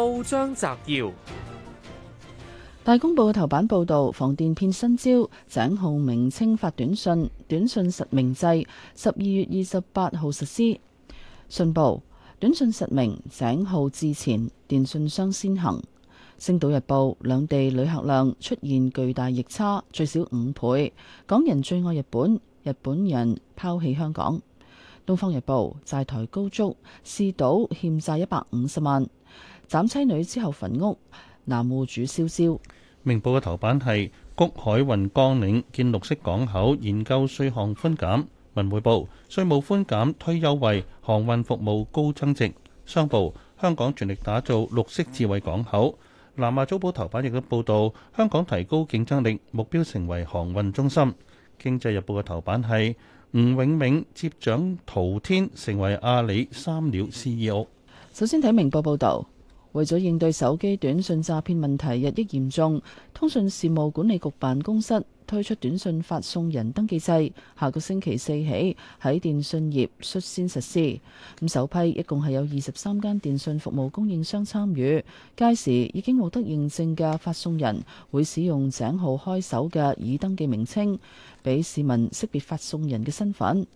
報章摘要：大公報頭版報道，防電騙新招，井號名稱發短信，短信實名制十二月二十八號實施。信報短信實名井號至前，電信商先行。星島日報兩地旅客量出現巨大逆差，最少五倍。港人最愛日本，日本人拋棄香港。東方日報債台高築，市島欠債一百五十萬。斬妻女之後焚屋，南戶主燒燒。明報嘅頭版係《谷海運江嶺建綠色港口研究稅項寬減》，文匯報《稅務寬減推優惠航運服務高增值》，商報《香港全力打造綠色智慧港口》。南華早報頭版亦都報道香港提高競爭力，目標成為航運中心。經濟日報嘅頭版係吳泳銘接掌淘天，成為阿里三鳥 CEO。首先睇明報報道。為咗應對手機短信詐騙問題日益嚴重，通訊事務管理局辦公室推出短信發送人登記制，下個星期四起喺電信業率先實施。咁首批一共係有二十三間電信服務供應商參與，屆時已經獲得認證嘅發送人會使用井號開首嘅已登記名稱，俾市民識別發送人嘅身份。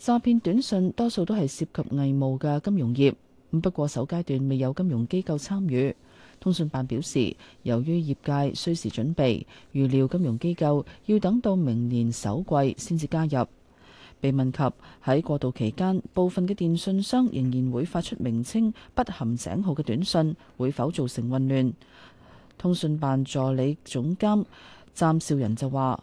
詐騙短信多數都係涉及偽冒嘅金融業。不過，首階段未有金融機構參與。通訊辦表示，由於業界需時準備，預料金融機構要等到明年首季先至加入。被問及喺過渡期間，部分嘅電訊商仍然會發出名稱不含井號嘅短信，會否造成混亂？通訊辦助理總監詹少仁就話。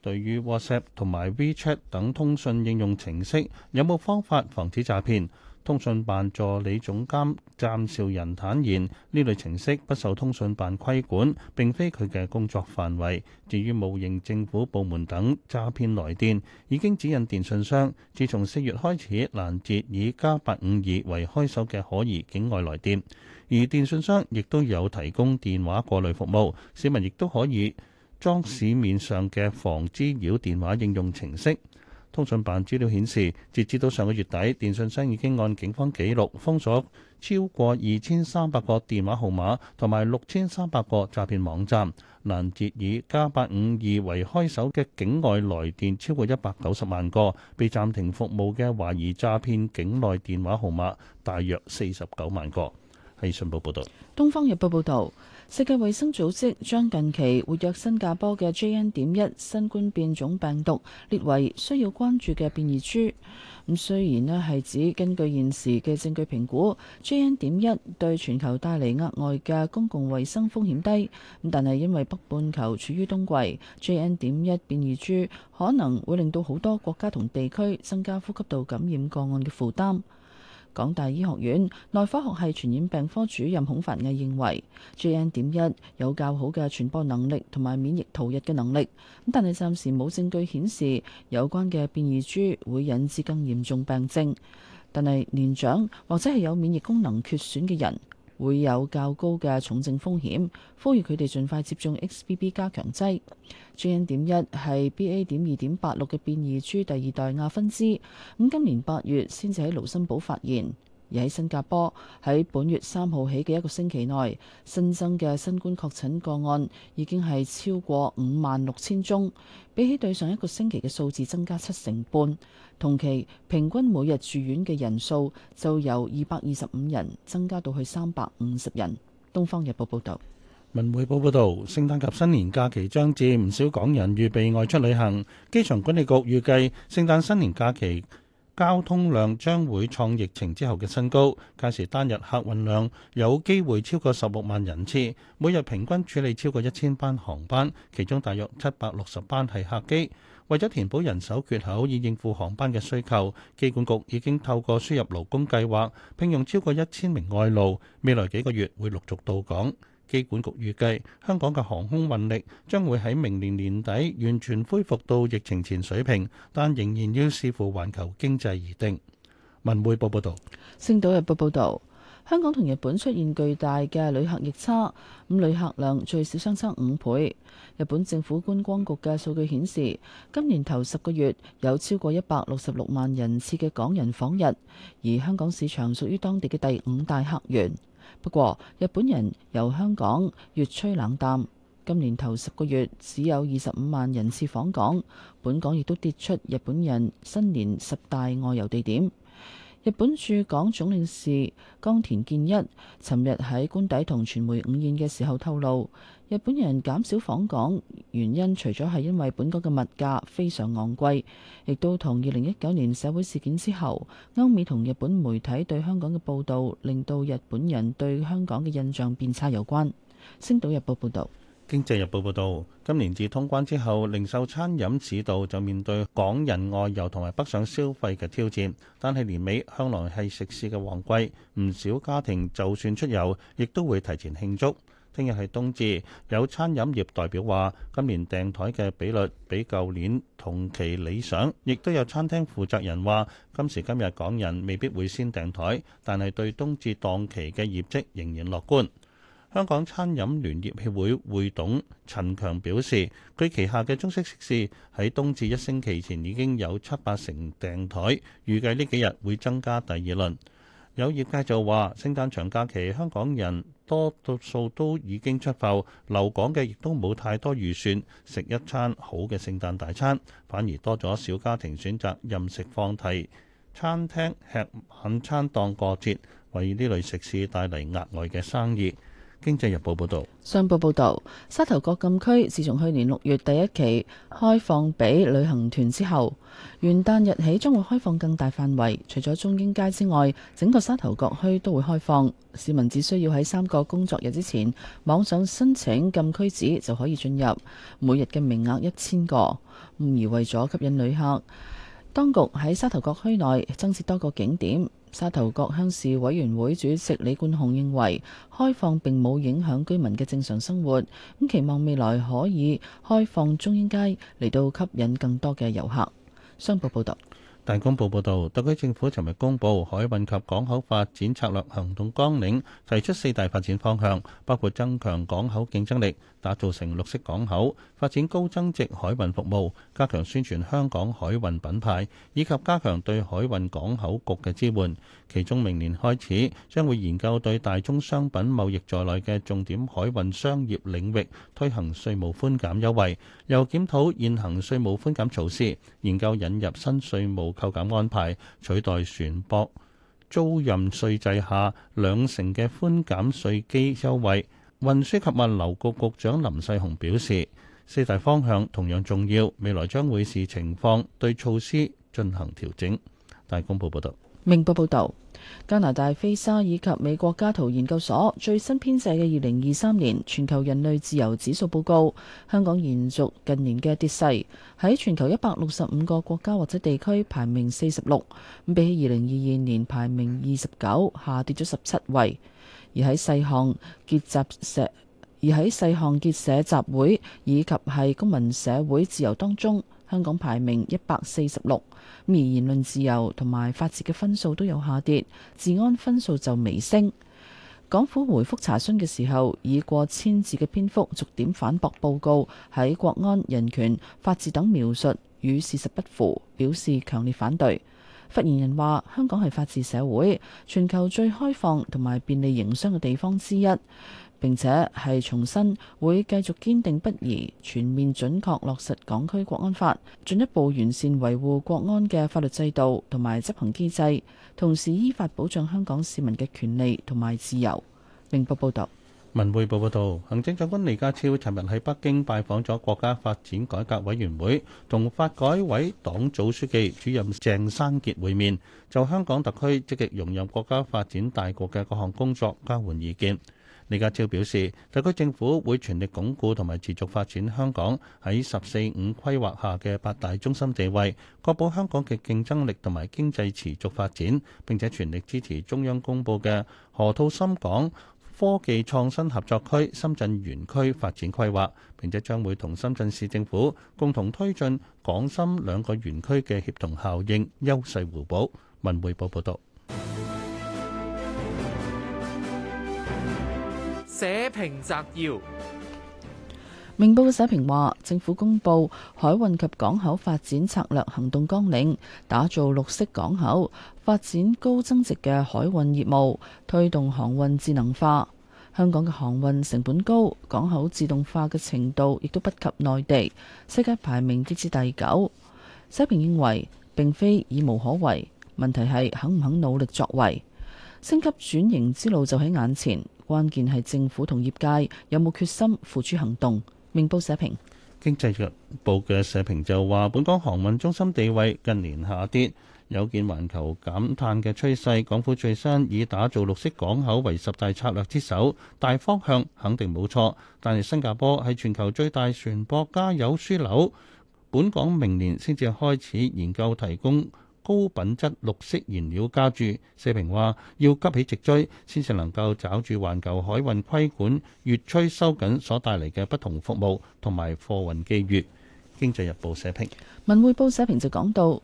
對於 WhatsApp 同埋 WeChat 等通訊應用程式，有冇方法防止詐騙？通訊辦助理總監湛兆仁坦言，呢類程式不受通訊辦規管，並非佢嘅工作範圍。至於冒認政府部門等詐騙來電，已經指引電信商，自從四月開始，攔截以加八五二為開首嘅可疑境外來電。而電信商亦都有提供電話過濾服務，市民亦都可以裝市面上嘅防滋擾電話應用程式。通訊辦資料顯示，截至到上個月底，電信商已經按警方記錄封鎖超過二千三百個電話號碼，同埋六千三百個詐騙網站，攔截以加八五二為開首嘅境外來電超過一百九十萬個，被暫停服務嘅懷疑詐騙境內電話號碼大約四十九萬個。係《信報》報道，《東方日報》報道。世界衛生組織將近期活躍新加坡嘅 JN. 點一新冠變種病毒列為需要關注嘅變異株。咁雖然呢，係指根據現時嘅證據評估，JN. 點一對全球帶嚟額外嘅公共衛生風險低，咁但係因為北半球處於冬季，JN. 點一變異株可能會令到好多國家同地區增加呼吸道感染個案嘅負擔。港大醫學院內科學系傳染病科主任孔凡毅認為，JN.1 有較好嘅傳播能力同埋免疫逃逸嘅能力，咁但係暫時冇證據顯示有關嘅變異株會引致更嚴重病症，但係年長或者係有免疫功能缺損嘅人，會有較高嘅重症風險，呼籲佢哋盡快接種 XBB 加強劑。JN. 點一係 BA. 點二點八六嘅變異株第二代亞分支，咁今年八月先至喺盧森堡發現。而喺新加坡，喺本月三號起嘅一個星期內，新增嘅新冠確診個案已經係超過五萬六千宗，比起對上一個星期嘅數字增加七成半。同期平均每日住院嘅人數就由二百二十五人增加到去三百五十人。東方日報報道，文匯報報道，聖誕及新年假期將至，唔少港人預備外出旅行。機場管理局預計聖誕新年假期。交通量將會創疫情之後嘅新高，屆時單日客運量有機會超過十六萬人次，每日平均處理超過一千班航班，其中大約七百六十班係客機。為咗填補人手缺口，以應付航班嘅需求，機管局已經透過輸入勞工計劃聘用超過一千名外勞，未來幾個月會陸續到港。機管局預計，香港嘅航空運力將會喺明年年底完全恢復到疫情前水平，但仍然要視乎環球經濟而定。文匯報報導，《星島日報》報導，香港同日本出現巨大嘅旅客逆差，咁旅客量最少相差五倍。日本政府觀光局嘅數據顯示，今年頭十個月有超過一百六十六萬人次嘅港人訪日，而香港市場屬於當地嘅第五大客源。不過，日本人由香港越趨冷淡，今年頭十個月只有二十五萬人次訪港，本港亦都跌出日本人新年十大外遊地點。日本駐港總領事江田健一尋日喺官邸同傳媒午宴嘅時候透露，日本人減少訪港原因，除咗係因為本港嘅物價非常昂貴，亦都同二零一九年社會事件之後，歐美同日本媒體對香港嘅報導，令到日本人對香港嘅印象變差有關。星島日報報導。經濟日報報導，今年自通關之後，零售餐飲市道就面對港人外遊同埋北上消費嘅挑戰。但係年尾向來係食肆嘅旺季，唔少家庭就算出遊，亦都會提前慶祝。聽日係冬至，有餐飲業代表話，今年訂枱嘅比率比舊年同期理想。亦都有餐廳負責人話，今時今日港人未必會先訂枱，但係對冬至檔期嘅業績仍然樂觀。香港餐飲聯業協會會董陳強表示，佢旗下嘅中式食肆喺冬至一星期前已經有七八成訂台，預計呢幾日會增加第二輪。有業界就話，聖誕長假期香港人多數都已經出埠，留港嘅亦都冇太多預算食一餐好嘅聖誕大餐，反而多咗小家庭選擇任食放題餐廳吃晚餐，當過節，為呢類食肆帶嚟額外嘅生意。經濟日報報道，商報報道，沙頭角禁區自從去年六月第一期開放俾旅行團之後，元旦日起將會開放更大範圍，除咗中英街之外，整個沙頭角區都會開放。市民只需要喺三個工作日之前網上申請禁區紙就可以進入，每日嘅名額一千個。而為咗吸引旅客，當局喺沙頭角區內增設多個景點。沙頭角鄉事委員會主席李冠雄認為，開放並冇影響居民嘅正常生活，咁期望未來可以開放中英街嚟到吸引更多嘅遊客。商報報道。大公報報導，特區政府尋日公佈《海運及港口發展策略行動綱領》，提出四大發展方向，包括增強港口競爭力、打造成綠色港口、發展高增值海運服務、加強宣傳香港海運品牌，以及加強對海運港口局嘅支援。其中，明年開始將會研究對大宗商品貿易在內嘅重點海運商業領域推行稅務寬減優惠，又檢討現行稅務寬減措施，研究引入新稅務扣減安排取代船舶租賃稅制下兩成嘅寬減稅基優惠，運輸及物流局局長林世雄表示，四大方向同樣重要，未來將會視情況對措施進行調整。大公報報道。明報報道，加拿大菲沙以及美國加圖研究所，最新編寫嘅二零二三年全球人類自由指數報告，香港延續近年嘅跌勢，喺全球一百六十五個國家或者地區排名四十六，比起二零二二年排名二十九，下跌咗十七位。而喺細項結集社，而喺細項結社集會以及係公民社會自由當中。香港排名一百四十六，而言論自由同埋法治嘅分數都有下跌，治安分數就微升。港府回覆查詢嘅時候，以過千字嘅篇幅逐點反駁報告喺國安、人權、法治等描述與事實不符，表示強烈反對。發言人話，香港係法治社會，全球最開放同埋便利營商嘅地方之一。並且係重申，會繼續堅定不移全面準確落實港區國安法，進一步完善維護國安嘅法律制度同埋執行機制，同時依法保障香港市民嘅權利同埋自由。明報報道：「文匯報報道，行政長官李家超尋日喺北京拜訪咗國家發展改革委員會同發改委黨組書記主任鄭生傑，會面，就香港特區積極融入國家發展大局嘅各項工作交換意見。李家超表示，特區政府會全力鞏固同埋持續發展香港喺十四五規劃下嘅八大中心地位，確保香港嘅競爭力同埋經濟持續發展，並且全力支持中央公布嘅河套深港科技創新合作區、深圳園區發展規劃，並且將會同深圳市政府共同推進港深兩個園區嘅協同效應、優勢互補。文匯報報道。社評摘要：明報嘅社評話，政府公布海運及港口發展策略行動綱領，打造綠色港口，發展高增值嘅海運業務，推動航運智能化。香港嘅航運成本高，港口自動化嘅程度亦都不及內地，世界排名跌至第九。社評認為，並非已無可為，問題係肯唔肯努力作為，升級轉型之路就喺眼前。關鍵係政府同業界有冇決心付諸行動。明報社評。經濟日報嘅社評就話：本港航運中心地位近年下跌，有見環球減碳嘅趨勢，港府最新以打造綠色港口為十大策略之首，大方向肯定冇錯。但係新加坡係全球最大船舶加油樞紐，本港明年先至開始研究提供。高品質綠色燃料加注，社評話要急起直追，先至能夠抓住環球海運規管越趨收緊所帶嚟嘅不同服務同埋貨運機遇。經濟日報社評，文匯報社評就講到。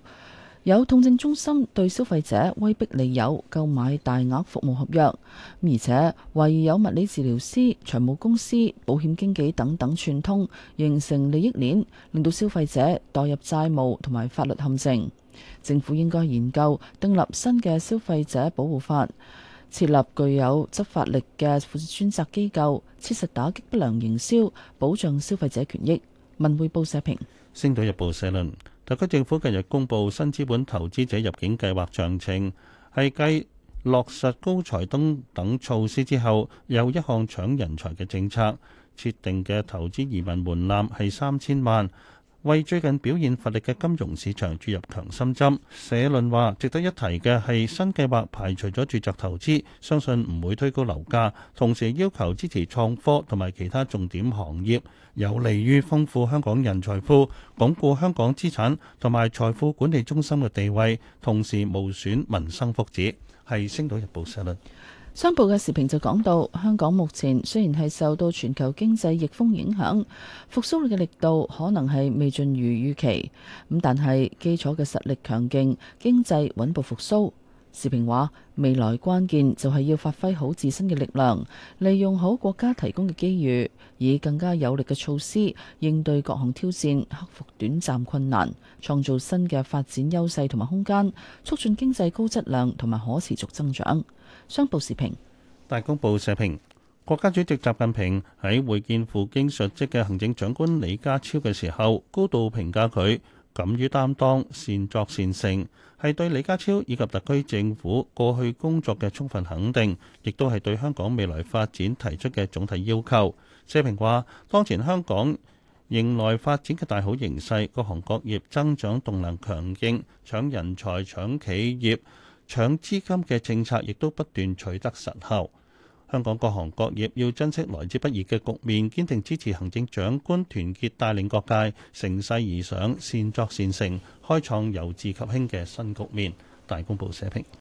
有痛症中心對消費者威逼利誘購買大額服務合約，而且懷疑有物理治療師、財務公司、保險經紀等等串通，形成利益鏈，令到消費者墮入債務同埋法律陷阱。政府應該研究訂立新嘅消費者保護法，設立具有執法力嘅專責機構，切實打擊不良營銷，保障消費者權益。文匯報社評，《星島日報》社論。特區政府近日公布新資本投資者入境計劃詳情，係繼落實高才通等措施之後，又一項搶人才嘅政策，設定嘅投資移民門檻係三千萬。為最近表現乏力嘅金融市場注入強心針，社論話值得一提嘅係新計劃排除咗住宅投資，相信唔會推高樓價。同時要求支持創科同埋其他重點行業，有利於豐富香港人財富，鞏固香港資產同埋財富管理中心嘅地位，同時無損民生福祉。係《星島日報》社論。商報嘅時評就講到，香港目前雖然係受到全球經濟逆風影響，復甦嘅力，力度可能係未盡如預期咁，但係基礎嘅實力強勁，經濟穩步復甦。時評話未來關鍵就係要發揮好自身嘅力量，利用好國家提供嘅機遇，以更加有力嘅措施應對各項挑戰，克服短暫困難，創造新嘅發展優勢同埋空間，促進經濟高質量同埋可持續增長。商報時評，大公報社評，國家主席習近平喺會見赴京述職嘅行政長官李家超嘅時候，高度評價佢敢於擔當、善作善成，係對李家超以及特區政府過去工作嘅充分肯定，亦都係對香港未來發展提出嘅總體要求。社評話，當前香港迎來發展嘅大好形勢，各行各業增長動能強勁，搶人才、搶企業。搶資金嘅政策亦都不斷取得實效，香港各行各業要珍惜來之不易嘅局面，堅定支持行政長官團結帶領各界乘勢而上，善作善成，開創由治及興嘅新局面。大公報社評。